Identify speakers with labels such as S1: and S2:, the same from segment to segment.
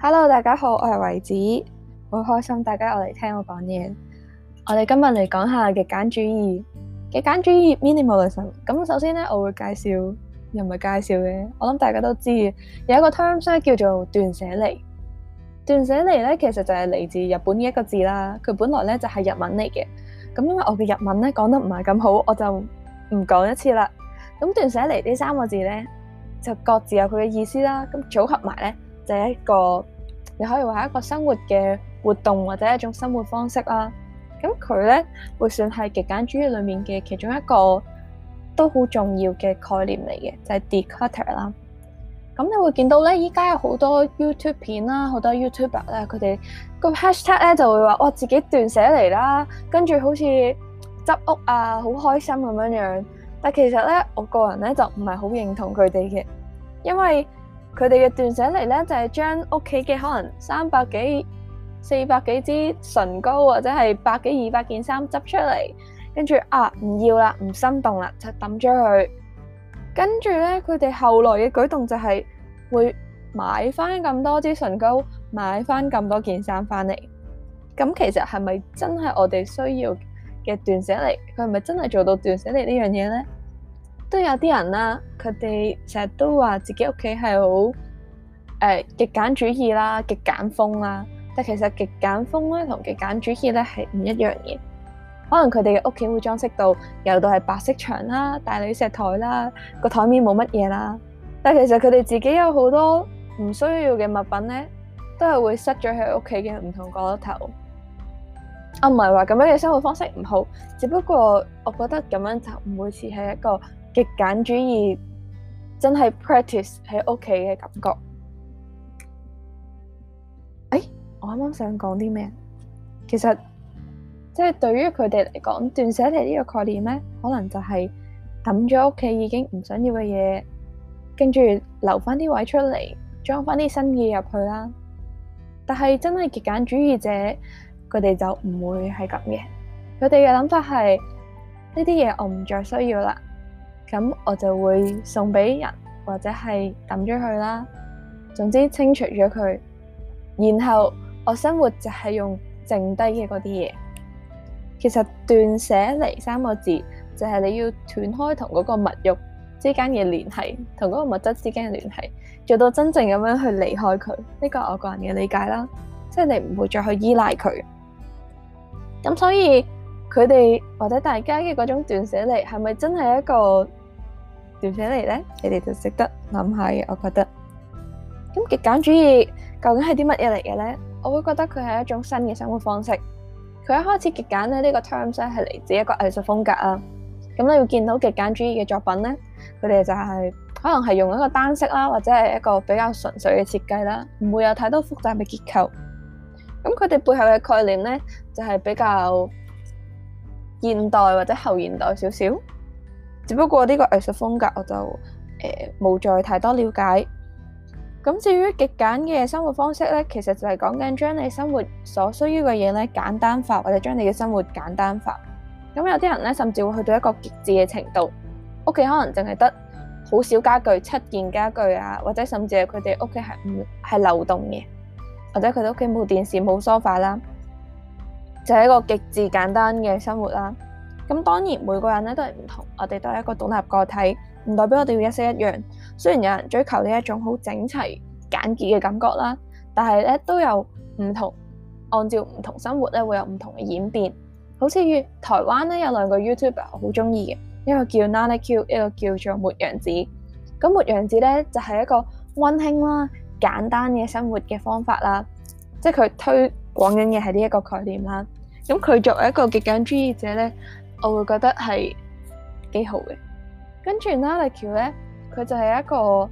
S1: Hello，大家好，我係維子，好開心大家又嚟聽我講嘢。我哋今日嚟講下極簡主義極簡主義 minimalism。咁首先咧，我會介紹又唔係介紹嘅，我諗大家都知有一個 term 咧叫做斷捨離。斷捨離咧，其實就係嚟自日本嘅一個字啦。佢本來咧就係、是、日文嚟嘅。咁因為我嘅日文咧講得唔係咁好，我就唔講一次啦。咁斷捨離呢三個字咧。就各自有佢嘅意思啦，咁組合埋咧就係一個，你可以話係一個生活嘅活動或者一種生活方式啦。咁佢咧會算係極簡主義裏面嘅其中一個都好重要嘅概念嚟嘅，就係、是、declutter 啦。咁你會見到咧，依家有好多 YouTube 片啦，好多 YouTuber 啦，佢哋個 hashtag 咧就會話嘩，自己斷捨離啦，跟住好似執屋啊，好開心咁樣樣。但其實咧，我個人咧就唔係好認同佢哋嘅，因為佢哋嘅斷捨離咧就係、是、將屋企嘅可能三百幾、四百幾支唇膏或者係百幾、二百件衫執出嚟，跟住啊，唔要啦，唔心動啦，就抌咗佢。跟住咧，佢哋後來嘅舉動就係會買翻咁多支唇膏，買翻咁多件衫翻嚟。咁其實係咪真係我哋需要嘅斷捨離？佢係咪真係做到斷捨離呢樣嘢咧？都有啲人啦，佢哋成日都話自己屋企係好誒極簡主義啦，極簡風啦。但其實極簡風咧同極簡主義咧係唔一樣嘅。可能佢哋嘅屋企會裝飾到由到係白色牆啦、大理石台啦，個台面冇乜嘢啦。但其實佢哋自己有好多唔需要嘅物品咧，都係會塞咗喺屋企嘅唔同角落頭。啊，唔係話咁樣嘅生活方式唔好，只不過我覺得咁樣就唔會似係一個。極簡主義真係 practice 喺屋企嘅感覺。誒、欸，我啱啱想講啲咩？其實即係、就是、對於佢哋嚟講，斷捨離呢個概念咧，可能就係抌咗屋企已經唔想要嘅嘢，跟住留翻啲位出嚟，裝翻啲新嘢入去啦。但係真係極簡主義者，佢哋就唔會係咁嘅。佢哋嘅諗法係呢啲嘢我唔再需要啦。咁我就會送俾人，或者係抌咗佢啦。總之清除咗佢，然後我生活就係用剩低嘅嗰啲嘢。其實斷捨離三個字就係你要斷開同嗰個物欲之間嘅聯繫，同嗰個物質之間嘅聯繫，做到真正咁樣去離開佢。呢個我個人嘅理解啦，即係你唔會再去依賴佢。咁所以。佢哋或者大家嘅嗰種斷捨離係咪真係一個斷捨離呢？你哋就識得諗下，我覺得。咁極簡主義究竟係啲乜嘢嚟嘅呢？我會覺得佢係一種新嘅生活方式。佢一開始極簡呢，呢個、terms 呢個 term 呢係嚟自一個藝術風格啊。咁你會見到極簡主義嘅作品呢，佢哋就係、是、可能係用一個單色啦，或者係一個比較純粹嘅設計啦，唔會有太多複雜嘅結構。咁佢哋背後嘅概念呢，就係、是、比較。現代或者後現代少少，只不過呢個藝術風格我就沒冇、呃、再太多了解。咁至於極簡嘅生活方式呢，其實就係講緊將你生活所需要嘅嘢咧，簡單化，或者將你嘅生活簡單化。咁有啲人呢，甚至會去到一個極致嘅程度，屋企可能淨係得好少家具、七件家具、啊、或者甚至係佢哋屋企係唔係流動嘅，或者佢哋屋企冇電視、冇梳化啦。就係一個極致簡單嘅生活啦。咁當然每個人咧都係唔同，我哋都係一個獨立個體，唔代表我哋要一式一樣。雖然有人追求呢一種好整齊簡潔嘅感覺啦，但係咧都有唔同，按照唔同生活咧會有唔同嘅演變。好似台灣咧有兩個 YouTuber 我好中意嘅，一個叫 Nana Q，一個叫做抹羊子。咁抹羊子咧就係一個溫馨啦、簡單嘅生活嘅方法啦，即係佢推。講緊嘅係呢一個概念啦，咁佢作為一個極簡主義者咧，我會覺得係幾好嘅。跟住 Narikyo 咧，佢就係一個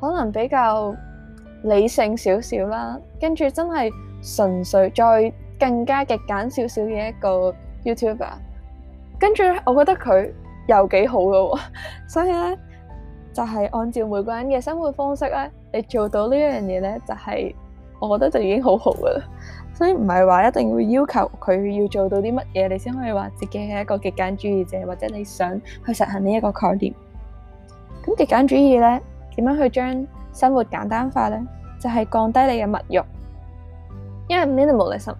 S1: 可能比較理性少少啦，跟住真係純粹再更加極簡少少嘅一個 YouTuber。跟住我覺得佢又幾好噶，所以咧就係按照每個人嘅生活方式咧，你做到呢樣嘢咧，就係我覺得就已經好好噶啦。所以唔係話一定要要求佢要做到啲乜嘢，你先可以話自己係一個極簡主義者，或者你想去實行呢一個概念。咁極簡主義呢，點樣去將生活簡單化呢？就係、是、降低你嘅物欲。因為 minimalism，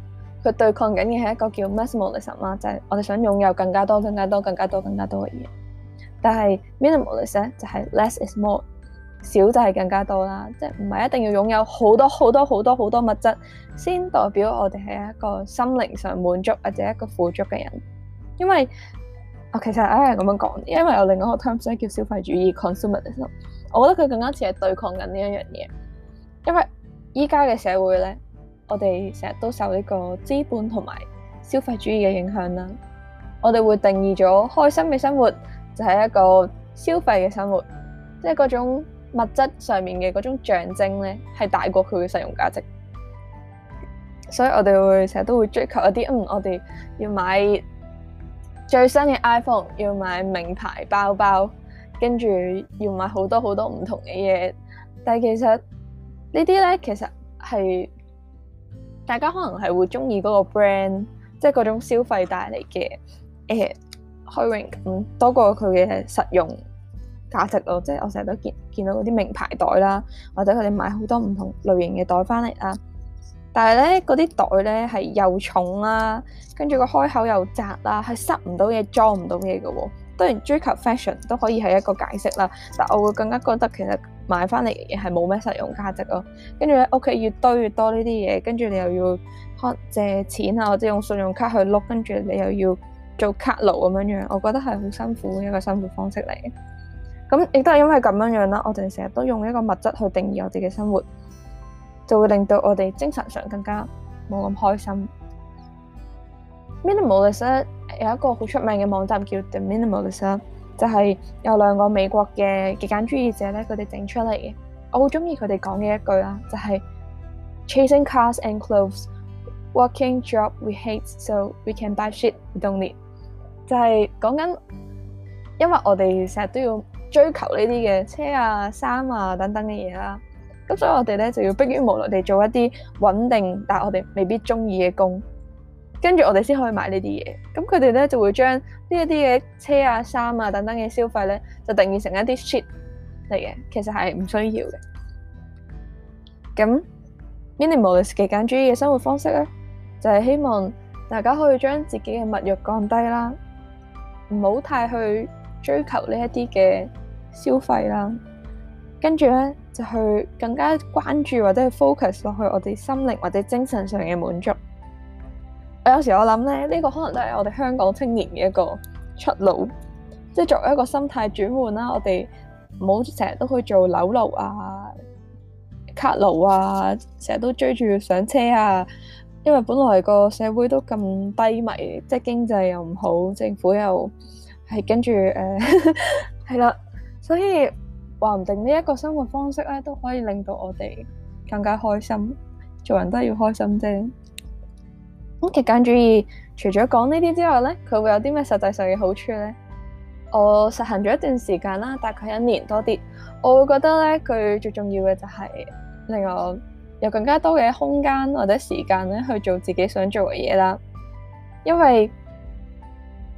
S1: 佢對抗緊嘅係一個叫 maximalism 嘛，就係我哋想擁有更加多、更加多、更加多、更加多嘅嘢。但係 minimalism 就係、是、less is more。少就係更加多啦，即係唔係一定要擁有好多好多好多好多，多，多物質，先代表我哋係一個心靈上滿足或者一個富足嘅人。因為我其實唉咁樣講，因為有另外一個 term，所以叫消費主義 （consumerism）。Consumment，我覺得佢更加似係對抗緊呢一樣嘢。因為依家嘅社會咧，我哋成日都受呢個資本同埋消費主義嘅影響啦。我哋會定義咗開心嘅生活就係、是、一個消費嘅生活，即係嗰種。物質上面嘅嗰種象徵呢，係大過佢嘅實用價值，所以我哋會成日都會追求一啲，嗯，我哋要買最新嘅 iPhone，要買名牌包包，跟住要買好多好多唔同嘅嘢，但其實呢啲呢，其實係大家可能係會中意嗰個 brand，即係嗰種消費帶嚟嘅，誒、呃，虛榮感多過佢嘅實用。價值咯，即係我成日都見見到嗰啲名牌袋啦，或者佢哋買好多唔同類型嘅袋翻嚟啊。但係咧，嗰啲袋咧係又重啦，跟住個開口又窄啦，係塞唔到嘢，裝唔到嘢嘅喎。當然追求 fashion 都可以係一個解釋啦，但我會更加覺得其實買翻嚟係冇咩實用價值咯。跟住喺屋企越堆越多呢啲嘢，跟住你又要借錢啊，或者用信用卡去碌，跟住你又要做卡奴咁樣樣，我覺得係好辛苦嘅一個生活方式嚟。咁亦都係因為咁樣樣啦，我哋成日都用一個物質去定義我哋嘅生活，就會令到我哋精神上更加冇咁開心。minimalist 有一個好出名嘅網站叫 The Minimalist，就係有兩個美國嘅極簡主義者咧，佢哋整出嚟嘅。我好鍾意佢哋講嘅一句啦，就係 chasing cars and clothes, working job we hate, so we can buy shit we don't need。就係講緊，因為我哋成日都要。追求呢啲嘅車啊、衫啊等等嘅嘢啦，咁所以我哋咧就要迫於無奈地做一啲穩定，但我哋未必中意嘅工，跟住我哋先可以買呢啲嘢。咁佢哋咧就會將呢一啲嘅車啊、衫啊等等嘅消費咧，就定義成一啲 shit 嚟嘅，其實係唔需要嘅。咁 minimalist 極簡主義嘅生活方式咧，就係希望大家可以將自己嘅物慾降低啦，唔好太去。追求呢一啲嘅消費啦，跟住咧就去更加關注或者去 focus 落去我哋心靈或者精神上嘅滿足。我有時我諗咧，呢個可能都係我哋香港青年嘅一個出路，即係作為一個心態轉換啦。我哋唔好成日都去做樓奴啊、卡奴啊，成日都追住上車啊。因為本來個社會都咁低迷，即係經濟又唔好，政府又係跟住誒，係啦，所以話唔定呢一個生活方式咧，都可以令到我哋更加開心。做人都係要開心啫。咁極簡主義除咗講呢啲之外咧，佢會有啲咩實際上嘅好處咧？我實行咗一段時間啦，大概一年多啲，我會覺得咧，佢最重要嘅就係令我有更加多嘅空間或者時間咧，去做自己想做嘅嘢啦。因為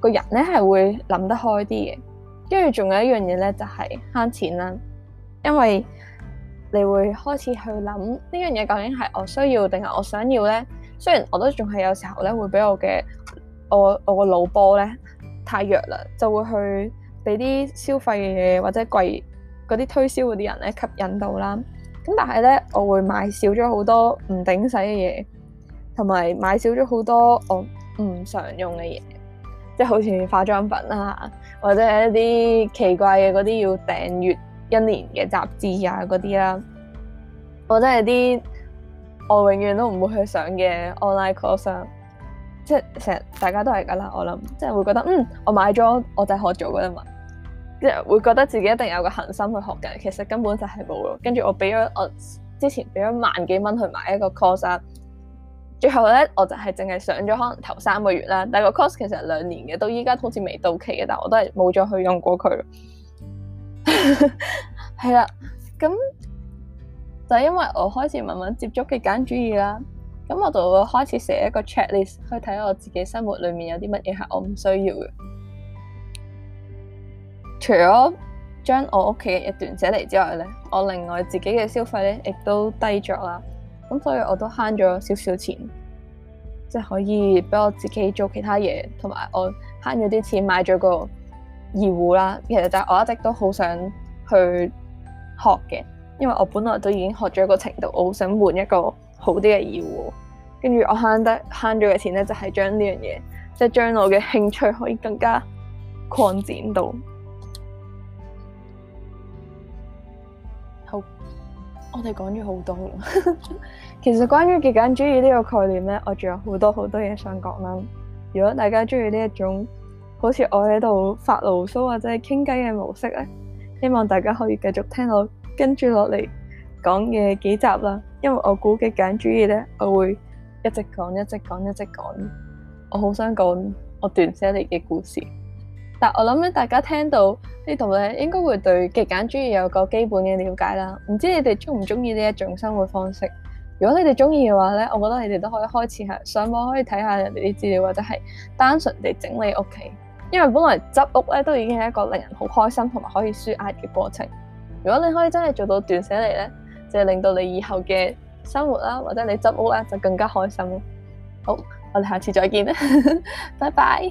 S1: 個人咧係會諗得開啲嘅，跟住仲有一樣嘢咧，就係慳錢啦。因為你會開始去諗呢樣嘢究竟係我需要定係我想要咧。雖然我都仲係有時候咧會俾我嘅我我個腦波咧太弱啦，就會去俾啲消費嘅嘢或者貴嗰啲推銷嗰啲人咧吸引到啦。咁但係咧，我會買少咗好多唔頂使嘅嘢，同埋買少咗好多我唔常用嘅嘢。即係好似化妝品啦、啊，或者一啲奇怪嘅嗰啲要訂閱一年嘅雜誌啊，嗰啲啦，或者係啲我永遠都唔會去上嘅 online course，、啊、即係成日大家都係噶啦，我諗，即係會覺得嗯我買咗我就學做嘅啦嘛，即係會覺得自己一定有個恒心去學嘅，其實根本就係冇咯。跟住我俾咗我之前俾咗萬幾蚊去買一個 course、啊。最後咧，我就係淨係上咗可能頭三個月啦，但係個 course 其實兩年嘅，到依家好似未到期嘅，但我都係冇再去用過佢。係 啦，咁就係、因為我開始慢慢接觸極簡主義啦，咁我就會開始寫一個 checklist 去睇下我自己生活裏面有啲乜嘢係我唔需要嘅。除咗將我屋企嘅斷捨離之外咧，我另外自己嘅消費咧亦都低咗啦。咁所以我都慳咗少少錢，即係可以俾我自己做其他嘢，同埋我慳咗啲錢買咗個二胡啦。其實就是我一直都好想去學嘅，因為我本來都已經學咗一個程度，我好想換一個好啲嘅二胡。跟住我慳得慳咗嘅錢呢，就係將呢樣嘢即係將我嘅興趣可以更加擴展到。我哋講咗好多了 其實關於極簡主義呢個概念呢，我仲有好多好多嘢想講。如果大家中意呢一種好似我喺度發牢騷或者係傾偈嘅模式呢，希望大家可以繼續聽到跟住落嚟講嘅幾集啦。因為我估極簡主義呢，我會一直講一直講一直講。我好想講我斷捨離嘅故事。但我諗大家聽到呢度咧，這應該會對極簡主義有個基本嘅了解啦。唔知道你哋鍾唔鍾意呢一種生活方式？如果你哋鍾意嘅話，我覺得你哋都可以開始上網，可以睇下人哋啲資料，或者係單純地整理屋企。因為本來執屋咧都已經係一個令人好開心同埋可以舒壓嘅過程。如果你可以真係做到斷捨離咧，就令到你以後嘅生活啦，或者你執屋啦，就更加開心。好，我哋下次再見， 拜拜。